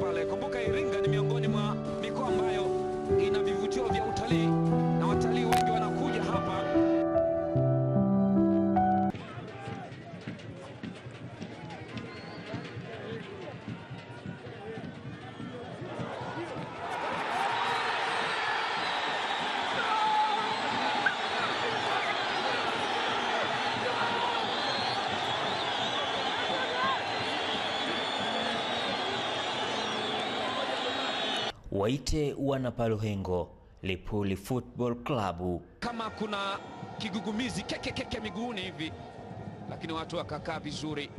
pale. Kumbuka Iringa ni miongoni mwa mikoa ambayo ina vivutio vya utalii na watalii wengi wana waite wana Paluhengo Lipuli Football Club. Kama kuna kigugumizi keke keke miguuni hivi, lakini watu wakakaa vizuri.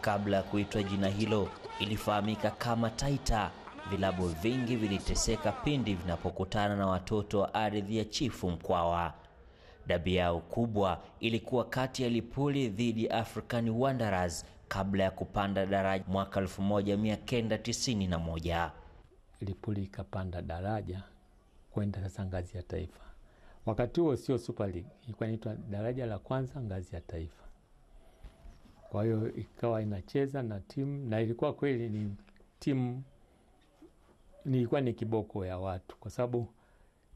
Kabla ya kuitwa jina hilo, ilifahamika kama Taita. Vilabu vingi viliteseka pindi vinapokutana na watoto wa ardhi ya Chifu Mkwawa. Dabi yao kubwa ilikuwa kati ya Lipuli dhidi ya African Wanderers kabla ya kupanda daraja mwaka 1991. Lipuli ikapanda daraja kwenda sasa ngazi ya taifa. Wakati huo sio Super League, ilikuwa inaitwa daraja la kwanza ngazi ya taifa. Kwa hiyo ikawa inacheza na timu na ilikuwa kweli ni timu, nilikuwa ni kiboko ya watu, kwa sababu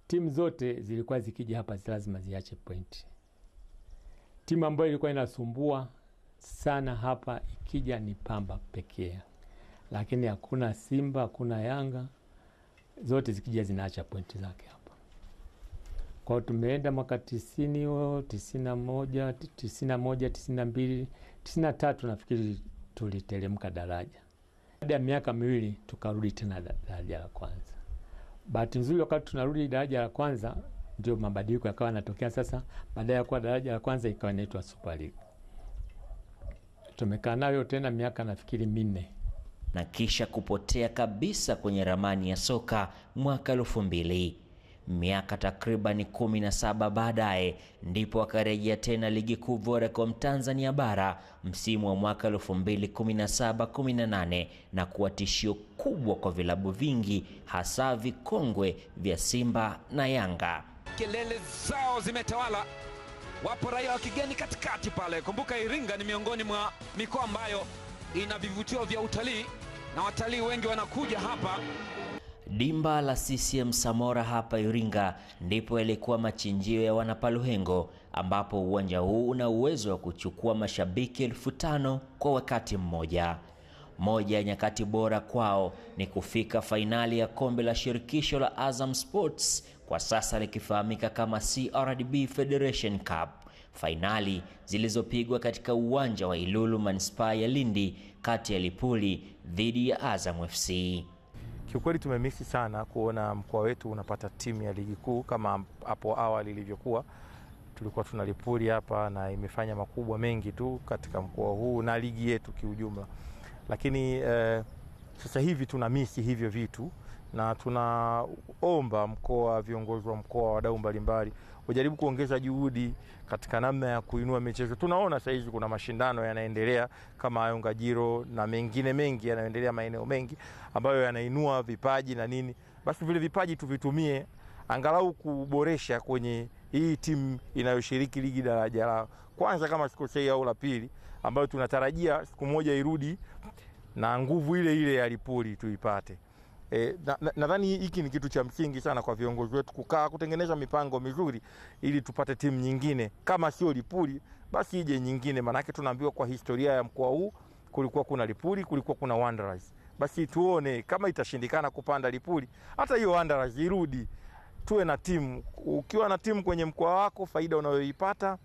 timu zote zilikuwa zikija hapa lazima ziache pointi. Timu ambayo ilikuwa inasumbua sana hapa ikija ni Pamba pekee lakini hakuna Simba, hakuna Yanga, zote zikija zinaacha pointi zake hapa. kwao. tumeenda mwaka tisini huo tisini na moja tisini na moja tisini na mbili tisini na tatu nafikiri tuliteremka daraja. Baada ya miaka miwili tukarudi tena daraja la kwanza. Bahati nzuri, wakati tunarudi daraja la kwanza ndio mabadiliko yakawa yanatokea. Sasa baada ya kuwa daraja la kwanza ikawa inaitwa Super League. Tumekaa nayo tena miaka nafikiri minne na kisha kupotea kabisa kwenye ramani ya soka mwaka elfu mbili. Miaka takribani kumi na saba baadaye ndipo akarejea tena ligi kuu Vodacom Tanzania bara msimu wa mwaka 2017-18 na kuwa tishio kubwa kwa vilabu vingi hasa vikongwe vya Simba na Yanga. Kelele zao zimetawala, wapo raia wa kigeni katikati pale. Kumbuka Iringa ni miongoni mwa mikoa ambayo ina vivutio vya utalii na watalii wengi wanakuja hapa. Dimba la CCM Samora hapa Iringa ndipo yalikuwa machinjio ya wanapaluhengo ambapo uwanja huu una uwezo wa kuchukua mashabiki elfu tano kwa wakati mmoja. Moja ya nyakati bora kwao ni kufika fainali ya kombe la shirikisho la Azam Sports, kwa sasa likifahamika kama CRDB Federation Cup fainali zilizopigwa katika uwanja wa Ilulu manispaa ya Lindi kati ya Lipuli dhidi ya Azam FC. Kiukweli tumemisi sana kuona mkoa wetu unapata timu ya ligi kuu kama hapo awali ilivyokuwa tulikuwa tuna Lipuli hapa na imefanya makubwa mengi tu katika mkoa huu na ligi yetu kiujumla, lakini eh, sasa hivi tuna misi hivyo vitu na tunaomba mkoa, viongozi wa mkoa, wadau mbalimbali wajaribu kuongeza juhudi katika namna ya kuinua michezo. Tunaona sasa hivi kuna mashindano yanaendelea kama hayo Ngajiro na mengine mengi yanayoendelea maeneo mengi ambayo yanainua vipaji na nini, basi vile vipaji tuvitumie angalau kuboresha kwenye hii timu inayoshiriki ligi daraja la kwanza kama sikosei, au la pili, ambayo tunatarajia siku moja irudi na nguvu ile ile ya Lipuli tuipate. E, nadhani na, na hiki ni kitu cha msingi sana kwa viongozi wetu kukaa kutengeneza mipango mizuri ili tupate timu nyingine, kama sio Lipuli basi ije nyingine, maanake tunaambiwa kwa historia ya mkoa huu kulikuwa kuna Lipuli, kulikuwa kuna Wanderers. Basi tuone kama itashindikana kupanda Lipuli, hata hiyo Wanderers irudi, tuwe na timu. Ukiwa na timu kwenye mkoa wako, faida unayoipata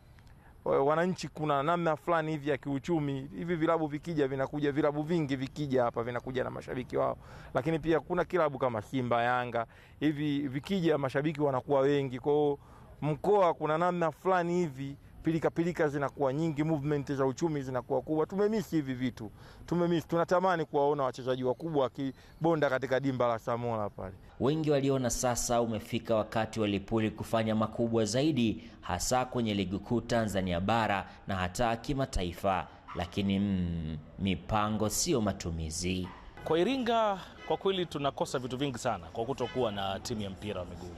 wananchi kuna namna fulani hivi ya kiuchumi. Hivi vilabu vikija vinakuja vilabu vingi vikija hapa vinakuja na mashabiki wao, lakini pia kuna kilabu kama Simba, Yanga hivi vikija mashabiki wanakuwa wengi. kwao mkoa kuna namna fulani hivi pilika pilika zinakuwa nyingi, movement za uchumi zinakuwa kubwa. Tumemisi hivi vitu, tumemisi. Tunatamani kuwaona wachezaji wakubwa wakibonda katika dimba la Samola pale. Wengi waliona sasa umefika wakati wa Lipuli kufanya makubwa zaidi, hasa kwenye ligi kuu Tanzania bara na hata kimataifa, lakini mm, mipango sio matumizi. Kwa Iringa kwa kweli tunakosa vitu vingi sana kwa kutokuwa na timu ya mpira wa miguu.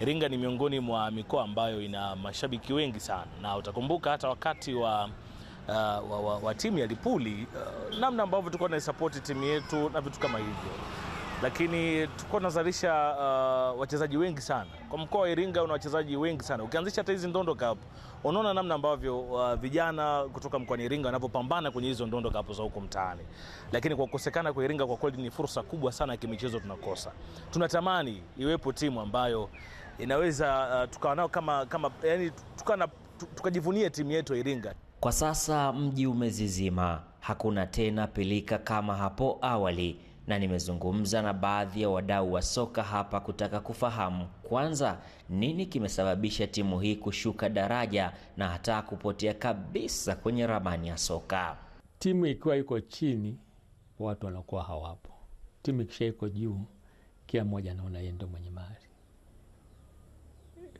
Iringa ni miongoni mwa mikoa ambayo ina mashabiki wengi sana, na utakumbuka hata wakati wa Uh, wa, wa, wa timu ya Lipuli uh, namna ambavyo tulikuwa naisapoti timu yetu na vitu kama hivyo, lakini tulikuwa tunazalisha uh, wachezaji wengi sana. Kwa mkoa wa Iringa una wachezaji wengi sana, ukianzisha hata hizi Ndondo Cup unaona namna ambavyo uh, vijana kutoka mkoa wa Iringa wanavyopambana kwenye hizo Ndondo Cup za huko mtaani. Lakini kwa kukosekana kwa Iringa, kwa kweli ni fursa kubwa sana ya kimichezo tunakosa. Tunatamani iwepo timu ambayo inaweza uh, tukawa nao kama, kama yani, tukajivunia timu yetu ya Iringa. Kwa sasa mji umezizima, hakuna tena pilika kama hapo awali, na nimezungumza na baadhi ya wadau wa soka hapa kutaka kufahamu kwanza, nini kimesababisha timu hii kushuka daraja na hata kupotea kabisa kwenye ramani ya soka. Timu ikiwa iko chini, watu wanakuwa hawapo. Timu ikisha iko juu, kila mmoja anaona yeye ndo mwenye mali.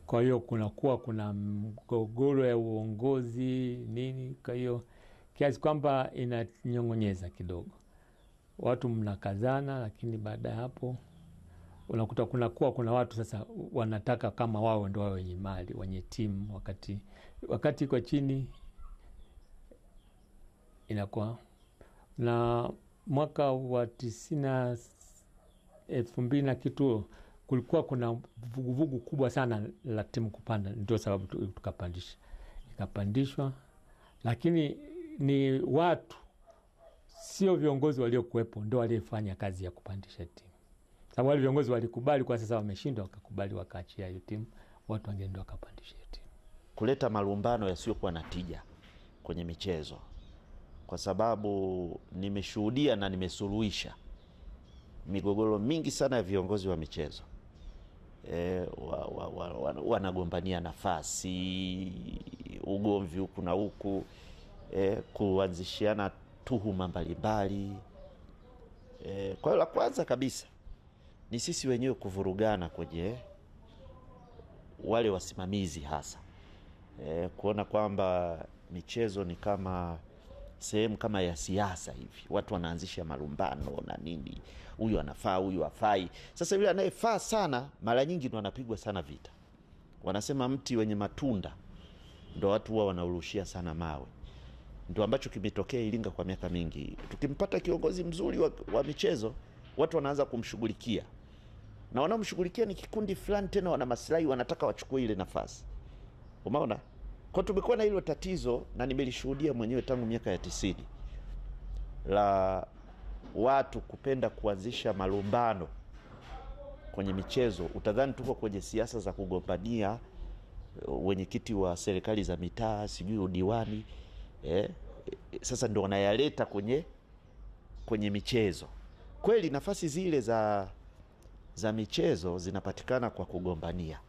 Kwa hiyo kunakuwa kuna mgogoro ya uongozi nini, kwa hiyo kiasi kwamba inanyong'onyeza kidogo, watu mnakazana, lakini baada ya hapo unakuta kunakuwa kuna watu sasa wanataka kama wao ndio wao wenye mali wenye timu, wakati wakati iko chini inakuwa na mwaka wa tisini na elfu mbili na kitu kulikuwa kuna vuguvugu vugu kubwa sana la timu kupanda, ndio sababu tukapandisha, ikapandishwa. Lakini ni watu, sio viongozi waliokuwepo ndio waliefanya kazi ya kupandisha timu, sababu wale viongozi walikubali, kwa sasa wameshindwa, wakakubali, wakaachia hiyo timu, watu wengine ndio wakapandisha timu, kuleta malumbano yasiyokuwa na tija kwenye michezo, kwa sababu nimeshuhudia na nimesuluhisha migogoro mingi sana ya viongozi wa michezo eh, wanagombania wa, wa, wa nafasi, ugomvi huku na huku eh, kuanzishiana tuhuma mbalimbali eh. Kwa hiyo la kwanza kabisa ni sisi wenyewe kuvurugana kwenye wale wasimamizi hasa eh, kuona kwamba michezo ni kama sehemu kama ya siasa hivi, watu wanaanzisha malumbano na nini, huyu anafaa, huyu afai. Sasa yule anayefaa sana, mara nyingi ndo anapigwa sana vita. Wanasema mti wenye matunda ndo watu huwa wanaurushia sana mawe. Ndo ambacho kimetokea ilinga kwa miaka mingi. Tukimpata kiongozi mzuri wa, wa michezo, watu wanaanza kumshughulikia na wanaomshughulikia ni kikundi fulani, tena wana maslahi, wanataka wachukue ile nafasi. Umeona? Kwa tumekuwa na hilo tatizo na nimelishuhudia mwenyewe tangu miaka ya tisini la watu kupenda kuanzisha malumbano kwenye michezo. Utadhani tuko kwenye siasa za kugombania uh, wenyekiti wa serikali za mitaa, sijui udiwani eh. Sasa ndo wanayaleta kwenye kwenye michezo. Kweli nafasi zile za za michezo zinapatikana kwa kugombania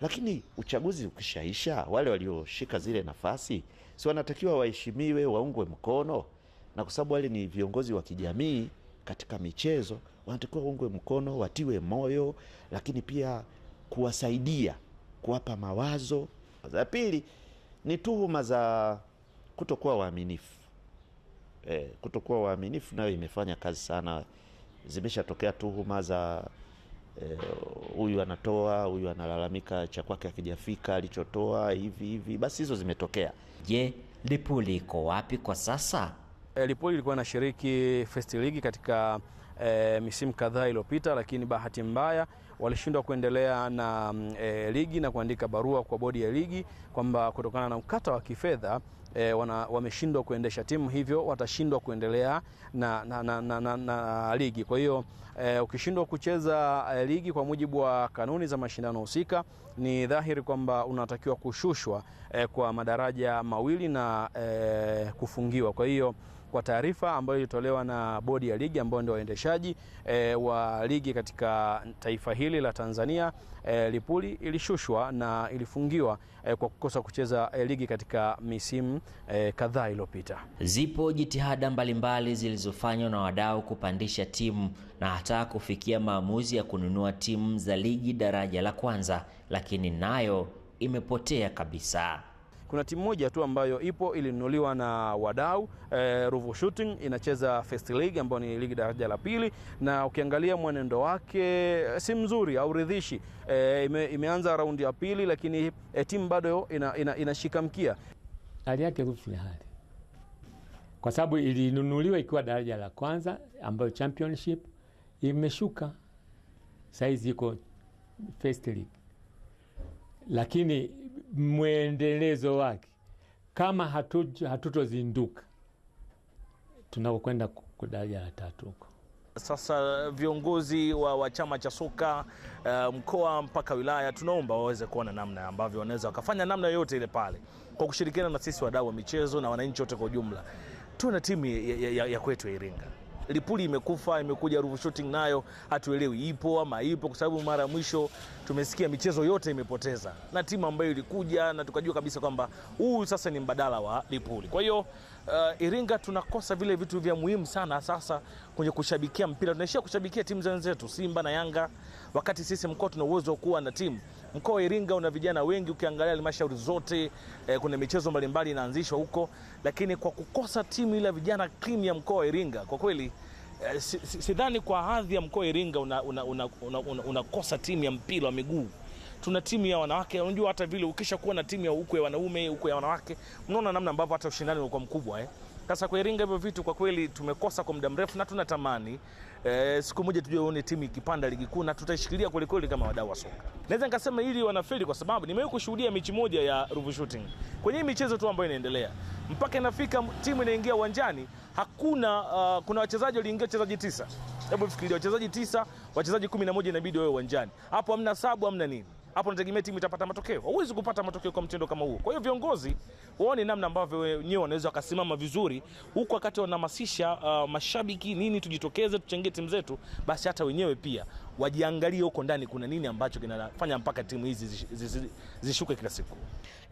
lakini uchaguzi ukishaisha, wale walioshika zile nafasi si wanatakiwa waheshimiwe, waungwe mkono, na kwa sababu wale ni viongozi wa kijamii katika michezo, wanatakiwa waungwe mkono, watiwe moyo, lakini pia kuwasaidia, kuwapa mawazo. Za pili ni tuhuma za kutokuwa waaminifu. E, kutokuwa waaminifu nayo imefanya kazi sana, zimeshatokea tuhuma za Eh, huyu e, anatoa huyu analalamika cha kwake akijafika alichotoa hivi hivi, basi hizo zimetokea. Je, Lipuli iko wapi kwa sasa? E, Lipuli ilikuwa inashiriki First League katika e, misimu kadhaa iliyopita, lakini bahati mbaya walishindwa kuendelea na e, ligi na kuandika barua kwa bodi ya ligi kwamba kutokana na mkata wa kifedha e, wameshindwa kuendesha timu, hivyo watashindwa kuendelea na, na, na, na, na, na ligi. Kwa hiyo e, ukishindwa kucheza e, ligi kwa mujibu wa kanuni za mashindano husika, ni dhahiri kwamba unatakiwa kushushwa e, kwa madaraja mawili na e, kufungiwa. Kwa hiyo kwa taarifa ambayo ilitolewa na bodi ya ligi ambao ndio waendeshaji e, wa ligi katika taifa hili la Tanzania e, Lipuli ilishushwa na ilifungiwa e, kwa kukosa kucheza e, ligi katika misimu e, kadhaa iliyopita. Zipo jitihada mbalimbali zilizofanywa na wadau kupandisha timu na hata kufikia maamuzi ya kununua timu za ligi daraja la kwanza, lakini nayo imepotea kabisa. Kuna timu moja tu ambayo ipo ilinunuliwa na wadau e, Ruvu Shooting inacheza First League ambayo ni ligi daraja la pili, na ukiangalia mwenendo wake eh, si mzuri au ridhishi. E, eh, ime, imeanza raundi ya pili, lakini e, timu bado inashika ina, ina mkia. Hali yake Ruvu ni hali kwa sababu ilinunuliwa ikiwa daraja la kwanza ambayo championship imeshuka saizi iko first league, lakini mwendelezo wake kama hatu, hatutozinduka tunakokwenda daraja la tatu huko. Sasa viongozi wa, wa chama cha soka uh, mkoa mpaka wilaya, tunaomba waweze kuona namna ambavyo wanaweza wakafanya namna yoyote ile pale kwa kushirikiana na sisi wadau wa michezo na wananchi wote kwa ujumla, tuwe na timu ya, ya, ya kwetu ya Iringa. Lipuli imekufa, imekuja Ruvu Shooting nayo hatuelewi ipo ama ipo, kwa sababu mara ya mwisho tumesikia michezo yote imepoteza na timu ambayo ilikuja na tukajua kabisa kwamba huu sasa ni mbadala wa Lipuli. Kwa hiyo uh, Iringa tunakosa vile vitu vya muhimu sana sasa kwenye kushabikia mpira, tunaishia kushabikia timu za Simba na Yanga, wakati sisi mkoa tuna uwezo wa kuwa na timu Mkoa wa Iringa una vijana wengi, ukiangalia halmashauri zote eh, kuna michezo mbalimbali inaanzishwa huko, lakini kwa kukosa timu ile vijana timu ya mkoa wa Iringa kwa kweli eh, sidhani si, si kwa hadhi ya mkoa wa Iringa unakosa una, una, una, una, una timu ya mpira wa miguu tuna timu ya wanawake. Unajua hata vile ukisha kuwa na timu ya huko ya wanaume huko ya wanawake, unaona namna ambavyo hata ushindani unakuwa mkubwa eh. Sasa kwa Iringa hivyo vitu kwa kweli tumekosa kwa muda mrefu, na tunatamani e, siku moja tuje uone timu ikipanda ligi kuu na tutaishikilia kweli kweli kama wadau wa soka. Naweza nikasema hili wanafeli kwa sababu nimewahi kushuhudia mechi moja ya Ruvu Shooting kwenye michezo tu ambayo inaendelea, mpaka inafika timu inaingia uwanjani hakuna uh, kuna wachezaji waliingia wachezaji tisa. Hebu fikiria wachezaji tisa, wachezaji kumi na moja inabidi wawe uwanjani hapo, hamna sabu, hamna nini hapo nategemea timu itapata matokeo. Huwezi kupata matokeo kwa mtindo kama huo. Kwa hiyo viongozi waone namna ambavyo wenyewe wanaweza wakasimama vizuri, huku wakati wanahamasisha uh, mashabiki nini, tujitokeze tuchangie timu zetu, basi hata wenyewe pia wajiangalie huko ndani kuna nini ambacho kinafanya mpaka timu hizi zishuke kila siku.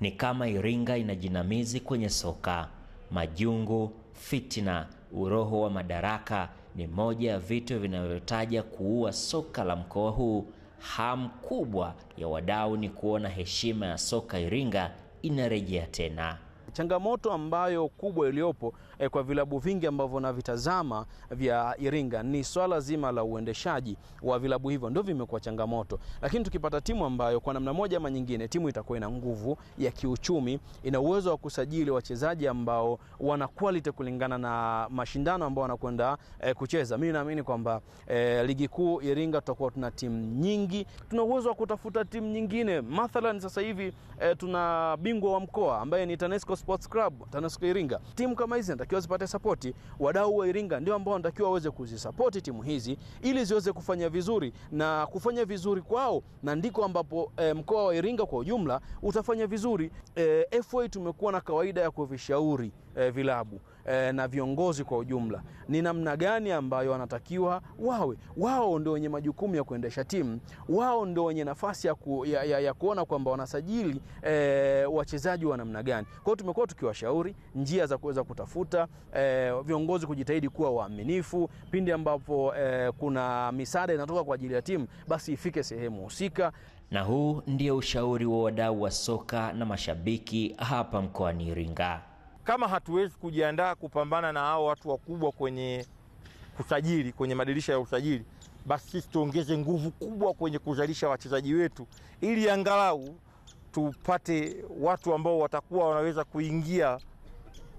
Ni kama Iringa ina jinamizi kwenye soka, majungu, fitina, uroho wa madaraka ni moja ya vitu vinavyotaja kuua soka la mkoa huu hamu kubwa ya wadau ni kuona heshima ya soka Iringa inarejea tena. Changamoto ambayo kubwa iliyopo eh, kwa vilabu vingi ambavyo navitazama vya Iringa ni swala zima la uendeshaji wa vilabu hivyo, ndio vimekuwa changamoto. Lakini tukipata timu ambayo kwa namna moja ama nyingine timu itakuwa ina nguvu ya kiuchumi, ina uwezo wa kusajili wachezaji ambao wana quality kulingana na mashindano ambao wanakwenda eh, kucheza. Mimi naamini kwamba eh, ligi kuu Iringa tutakuwa tuna timu nyingi, tuna uwezo wa kutafuta timu nyingine. Mathalan sasa hivi eh, tuna bingwa wa mkoa ambaye ni Tanesco Sports Club, TANESCO Iringa. Timu kama hizi zinatakiwa zipate sapoti. Wadau wa Iringa ndio ambao wanatakiwa waweze kuzisapoti timu hizi ili ziweze kufanya vizuri na kufanya vizuri kwao, na ndiko ambapo e, mkoa wa Iringa kwa ujumla utafanya vizuri. E, eh, FA tumekuwa na kawaida ya kuvishauri e, vilabu e, na viongozi kwa ujumla ni namna gani ambayo wanatakiwa wawe. Wao ndio wenye majukumu ya kuendesha timu, wao ndio wenye nafasi ya, ku, ya, ya, ya kuona kwamba wanasajili e, wachezaji wa namna gani. Kwa hiyo tumekuwa tukiwashauri njia za kuweza kutafuta e, viongozi kujitahidi kuwa waaminifu pindi ambapo e, kuna misaada inatoka kwa ajili ya timu, basi ifike sehemu husika. Na huu ndio ushauri wa wadau wa soka na mashabiki hapa mkoani Iringa kama hatuwezi kujiandaa kupambana na hao watu wakubwa kwenye kusajili, kwenye madirisha ya usajili, basi sisi tuongeze nguvu kubwa kwenye kuzalisha wachezaji wetu, ili angalau tupate watu ambao watakuwa wanaweza kuingia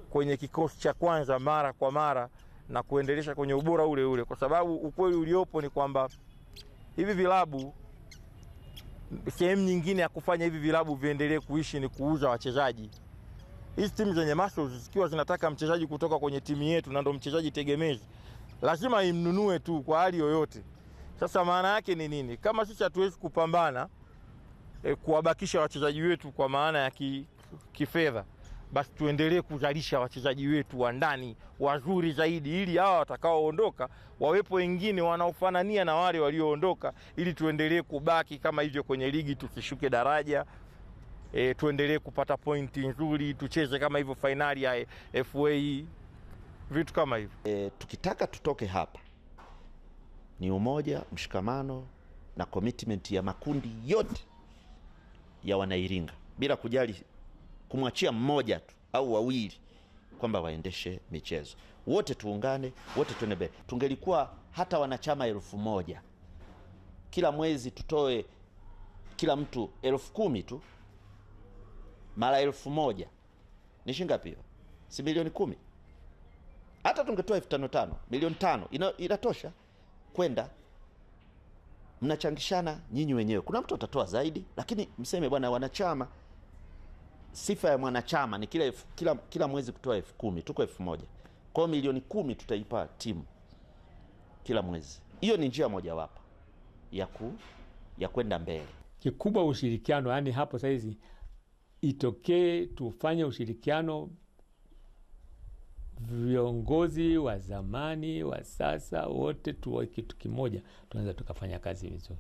kwenye kikosi cha kwanza mara kwa mara na kuendelesha kwenye ubora ule ule, kwa sababu ukweli uliopo ni kwamba hivi vilabu sehemu nyingine ya kufanya hivi vilabu viendelee kuishi ni kuuza wachezaji hizi timu zenye muscles zikiwa zinataka mchezaji kutoka kwenye timu yetu na ndo mchezaji tegemezi, lazima imnunue tu kwa hali yoyote. Sasa maana yake ni nini? Kama sisi hatuwezi kupambana e, kuwabakisha wachezaji wetu kwa maana ya ki, kifedha basi tuendelee kuzalisha wachezaji wetu wa ndani wazuri zaidi, ili hawa watakaoondoka wawepo wengine wanaofanania na wale walioondoka, ili tuendelee kubaki kama hivyo kwenye ligi, tusishuke daraja e, tuendelee kupata pointi nzuri, tucheze kama hivyo fainali ya FA, vitu kama hivyo e, tukitaka tutoke hapa ni umoja, mshikamano na commitment ya makundi yote ya Wanairinga bila kujali kumwachia mmoja tu au wawili kwamba waendeshe michezo. Wote tuungane, wote tuende mbele. Tungelikuwa hata wanachama elfu moja kila mwezi tutoe kila mtu elfu kumi tu mara elfu moja ni shilingi ngapi hiyo? Si milioni kumi? Hata tungetoa elfu tano tano, milioni tano ina, inatosha kwenda mnachangishana nyinyi wenyewe. Kuna mtu atatoa zaidi, lakini mseme bwana, wanachama, sifa ya mwanachama ni kila, kila, kila mwezi kutoa elfu kumi, tuko elfu moja kwao, milioni kumi tutaipa timu kila mwezi. Hiyo ni njia mojawapo ya ku, ya kwenda mbele. Kikubwa ushirikiano, yani hapo saizi itokee tufanye ushirikiano, viongozi wa zamani wa sasa, wote tuwe kitu kimoja, tunaweza tukafanya kazi vizuri.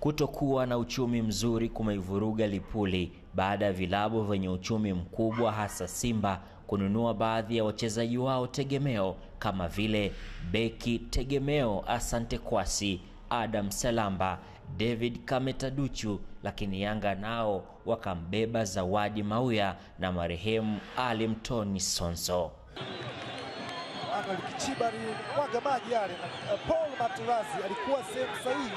Kutokuwa na uchumi mzuri kumeivuruga Lipuli baada ya vilabu vyenye uchumi mkubwa hasa Simba kununua baadhi ya wachezaji wao tegemeo kama vile beki tegemeo Asante Kwasi, Adam Salamba David Kametaduchu, lakini Yanga nao wakambeba Zawadi Mauya na marehemu Ali Mtoni Sonso. Likichiba limwaga maji yale. Uh, Paul alikuwa sehemu sahihi,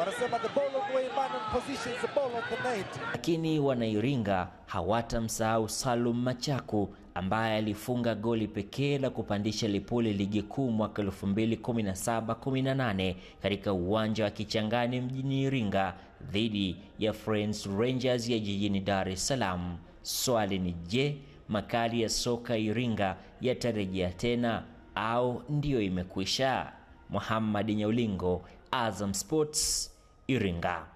wanasema the ball way man position is the ball the Lakini Wanairinga hawatamsahau Salum Machaku ambaye alifunga goli pekee la kupandisha Lipuli ligi kuu mwaka 2017-18 katika uwanja wa Kichangani mjini Iringa dhidi ya Friends Rangers ya jijini Dar es Salaam. Swali ni je, makali ya soka Iringa yatarejea tena au ndiyo imekwisha? Muhammad Nyaulingo, Azam Sports, Iringa.